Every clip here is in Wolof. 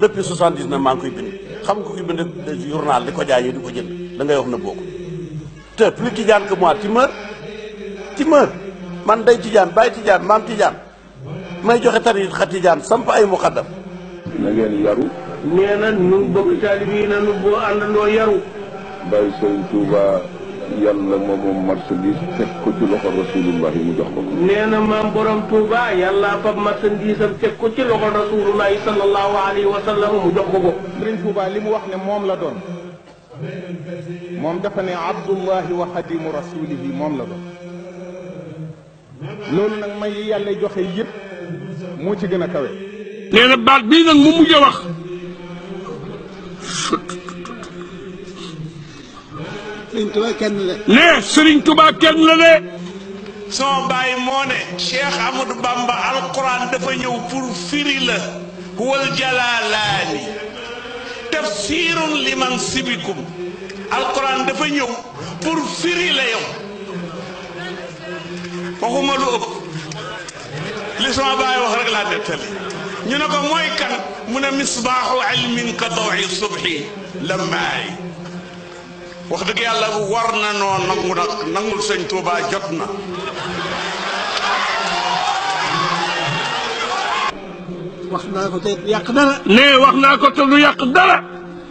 depuis soixante dix na maa ngi koy bind xam nga koy bind journal di ko jaayee di ko jënd da ngay wax na bokk te plus tijaan que moi tu meurs man day tijaan bàyyi tijaan maam tijaan may joxe tarixa tijaan samp ay muqaddam na ngeen yaru nee na nun bëgg taalibi na nu boo àndandoo yaru bàyyi sëñ Tuuba yàlla ma moom marchandise teg ko ci loxo rasulullah yi mu jox ko. nee na maam borom Touba yàlla fab marchandise am teg ko ci loxo rasulullah yi sallallahu alayhi wa sallam mu jox ko ko. Serigne Touba li mu wax ne moom la doon moom dafa ne abdullahi wa xadimu rasulihi moom la doon loolu nag may yàlla joxe yëpp moo ci gën a kawe. nee na baat bii nag mu mujj a wax. Serigne Touba kenn la. ne Serigne Touba kenn la de. sama baay moo ne. Cheikh Amadou Bamba alquran dafa ñëw pour firi la. wal jalaalaani. tafsirun liman sibikum. alquran dafa ñëw pour firi la yow. waxuma lu ëpp. wax rek laa nettali. ñu ne ko mooy kan. mu ne misbaaxu ilmin ka dawi subhi lammaay wax dëgg yàlla war na noo nangu nag nangul na ko yàq dara nee wax naa ko te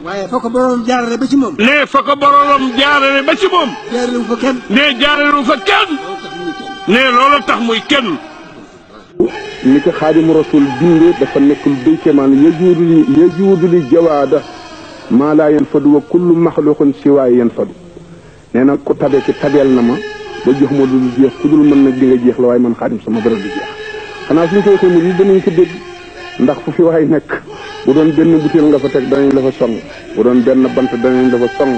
waaye foo ko nee foo ko boroom jaarale nee jaarale fa nee loolu tax muy kenn ni ko xaadimu rasul dafa nekk lu béykémaan yajuudu yajuudu li jawaada maa laa yan fadu wa kullu maxluqin siwaay yan fadu nee na ku tabe ci tabeel na ma ba jox moo dul jeex ku dul mën nag di nga jeex la waaye man xaadim sama bërëb du jeex xanaa suñ koy xëy mu yi danañ ko ndax fu fi waay nekk bu doon benn butéel nga fa teg danañ la fa song bu doon benn bant danañ la fa song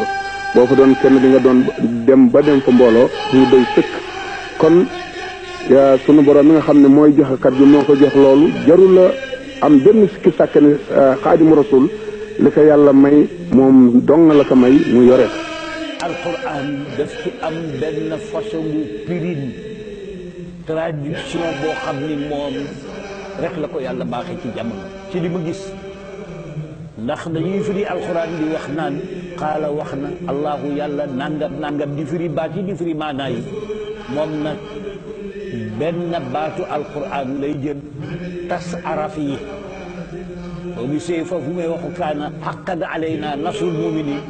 boo fa doon kenn di nga doon dem ba dem fa mbooloo ñu doy sëkk kon sunu borom mi nga xam ne mooy joxekat bi moo ko jeex loolu jarul la am benn sikki sàkk ne euh, xaadimu rasul li ko yàlla may moom dong la ko may mu yore ko alquran ci am benn façon bu pirine traduction boo xam ni moom rek la ko yàlla baaxee ci jamono ci li ma gis ndax dañuy firi alquran di wax naan xaala wax na allahu yàlla nangam nangam di firi baat yi di firi maanaa yi moom nag benn baatu alquran lay jël tas araf yi bu see foofu may waxu kaana xaqan alayna nasrul muminin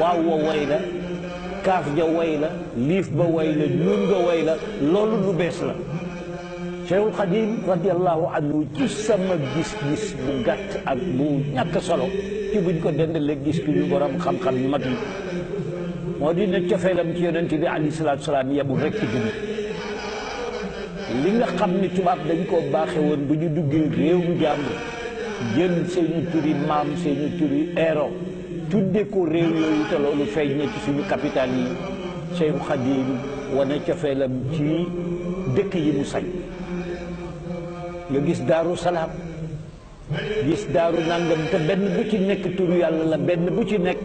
waaw wa way la kaaf ja way la liif ba way la nuun ga way la loolu lu bees la Cheikhul Xadim radiallahu anhu ci sama gis-gis bu gàtt ak bu ñàkk solo ci buñ ko dendale gis ki ñu xam-xam yu mag yi moo di ne cofeelam ci yonent bi alayhi salaam yebul rek ci li nga xam ni tubaab dañ koo baaxe woon bu ñu duggee réew mu jàmbur jël seeni turi maam seeni turi eero tudde ko réew yooyu te loolu feeñ na ci suñu capital yi Cheikh Khadim wane cofeelam ci dëkk yi mu sañ nga gis daaru salaam gis daaru nangam te benn bu ci nekk tur yàlla la benn bu ci nekk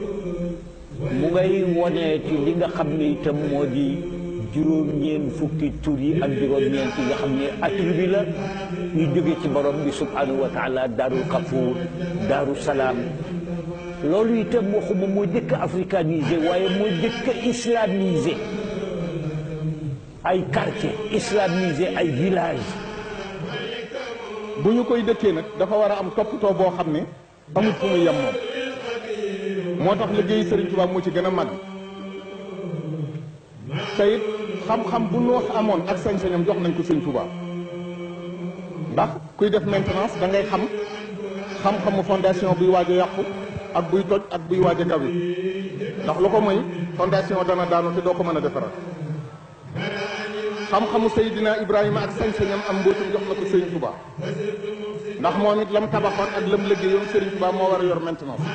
mu ngay wonee ci li nga xam ni itam moo di juróom-ñeen fukki tur yi ak juróom-ñeent yi nga xam ne attribut la yu jóge ci borom bi subhanahu wa taala daarul kafuur daaru salaam loolu itam waxuma moo jëkk africanisé waaye moo jëkk islamisé ay quartier islamisé ay village bu ñu koy dëkkee nag dafa war a am toppatoo boo xam ne amul fu muy yem moom moo tax liggéey Sëriñ Tuubaa moo ci gën a mag te xam-xam bu noox amoon ak sañ jox nañ ko sëñ Touba ndax kuy def maintenance da ngay xam xam-xamu fondation buy waaj a yàqu ak buy toj ak buy waaj a kaw ndax lu ko mooy fondation dana daanu te doo ko mën a defaraat xam-xamu Seydina Ibrahima ak sañ-sañam am mbóotam jox na ko Sëriñ Tuba ndax moom it lam tabaxoon ak lam liggéeyoon Sëriñ Tuba moo war a yor maintenance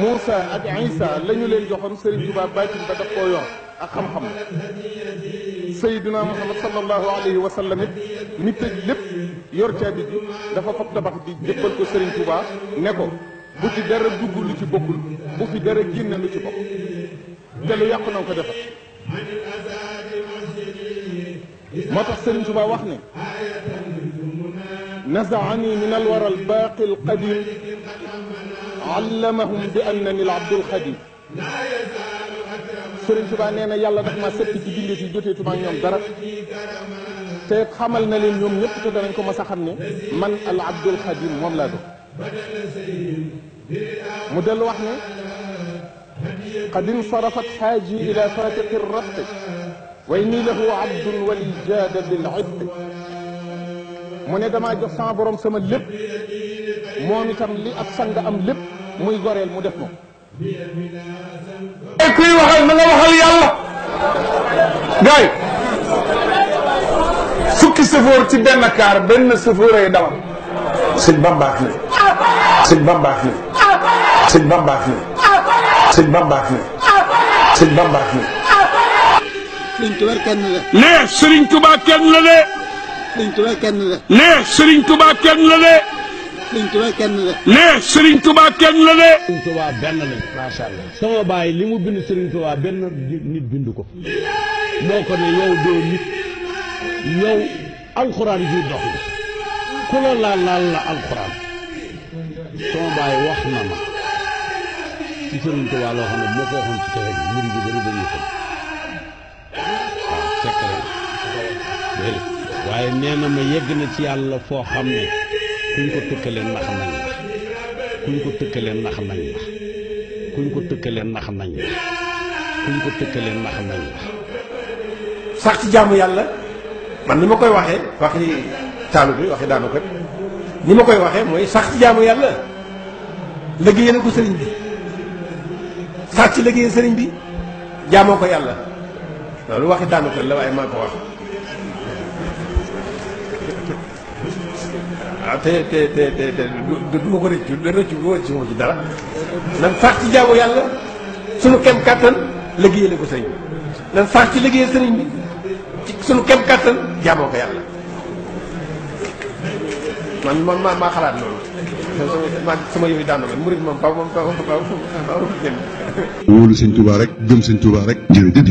Moussa ak Isa la leen joxoon Sëriñ Tuba baatin ba daf koo yor ak xam-xam sayyiduna muhammad sallallahu alayhi wa sallam it mi tëj lépp yor caabi ji dafa fab tabax bi jëppal ko Serigne Touba ne ko bu ci dara dugg lu ci bokkul bu fi dara génne lu ci bokk te lu yàqu na ko defar moo tax Serigne Touba wax ne nazaani min alwara albaaqi alqadim allamahum bi annani alabdul xadim Sëriñ Tuubaa nee na yàlla daf ma setti ci bindee si joteetuma ak ñoom xamal na leen ñoom ñëpp te danañ ko ma a xam ne man al abdul xadim moom laa doon mu dellu wax ne qad insarafat xaaji ila fatiqi rafqi wa inni lahu abdun wali jaada bil itqi mu ne damaa jox sama borom sama lépp moom itam li ab am lépp muy goreel mu def ma waaye kuy waxal na nga waxal yàlla gaay fukki sëfoor ci benn kaar benn sëfoor ay dawal bambaax ne sëñ bambaax ne sëñ bambaax ne sëñ bambaax ne sëñ la de nee sëriñ Tuubaa kenn la de Serigne Touba kenn la. nee Serigne Touba kenn la de. Serigne Touba benn la. macha allah sama baay li mu bind Serigne Touba benn nit bind ko. moo ko ne yow doo nit yow alxuraan ji dox la. ku la laal laal la alxuraan. sama baay wax na ma. ci Serigne Touba loo xam ne moo ko waxoon ci texe gi mbir bi bëri dañuy xam. waaw fekk na waaye nee na ma yegg na ci yàlla foo xam ne. kuñ ko tëkkaleen nax nañ la kuñ ko tëkkaleen nax nañ la kuñ ko tëkkaleen nax nañ la kuñ ko tëkkaleen nax nañ sax ci jaamu yàlla man ni ma koy waxee waxi taalu bi waxi daanu kat ni ma koy waxee mooy sax ci jaamu yàlla liggéeyal ko sëriñ bi sax ci liggéeyal sëriñ bi jaamoo ko yàlla loolu waxi daanu kat la waaye maa ko wax waaw te te te te du du ma ko rëccu rëccu bi wër si ma ci dara. nan sax ci jaamu yàlla sunu kem kattan liggéeyale ko sëriñ bi nan sax ci liggéeyal sëriñ bi ci sunu kem kattan jaamoo ko yàlla man man maa xalaat loolu. sama sama yëf yi daan na man murid moom faaw moom faaw faaw faaw génn. wóolu sëñ Tuubaa rek gëm sëñ Tuubaa rek. jërëjëf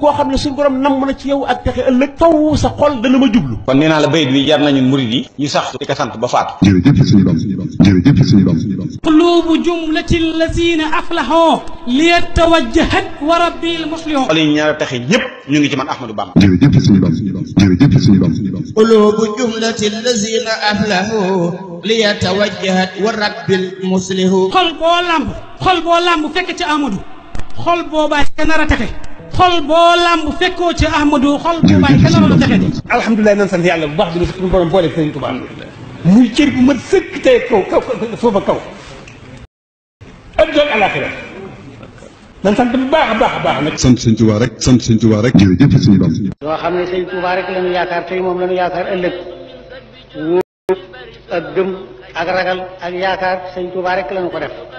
koo xam ne su borom nam na ci yow ak texe ëllëg taw sa xol dana ma jublu. kon nee naa la bayit bi jar nañu murid yi. ñu sax di ko sant ba faatu. jërëjëf suñu borom suñu borom jërëjëf suñu borom suñu borom. quluubu jumlati llazina aflaxoo liyatawajjahat wa rabbil muslihoo. xol yi ñaar taxe ñëpp ñu ngi ci man Ahmadou Bamba. jërëjëf suñu borom jërëjëf suñu bam qulubu jumlati allazina aflahu li yatawajjahat wa rabbil muslihu xol boo làmb xol boo làmb fekk ci Amadou xol boo bàyyi ka nar a texe xol boo làmb fekkoo ci Amadou xol boo bàyyi ka nar a texe di alhamdulilah nan sant yàlla bu baax bi suñu borom boole sëriñ Tuubaa muy cër bu mat sëkk tey kaw kaw foofa kaw ak doon alaxira nan sant bu baax a baax a baax nag. sant sëñ Touba rek sant sëñ Touba rek. jërëjëf sëñ Ba. ñoo xam ne sëñ Touba rek la ñu yaakaar tey moom la ñu yaakaar ëllëg wóor ak gëm ak ragal ak yaakaar sëñ Touba rek la ñu ko def.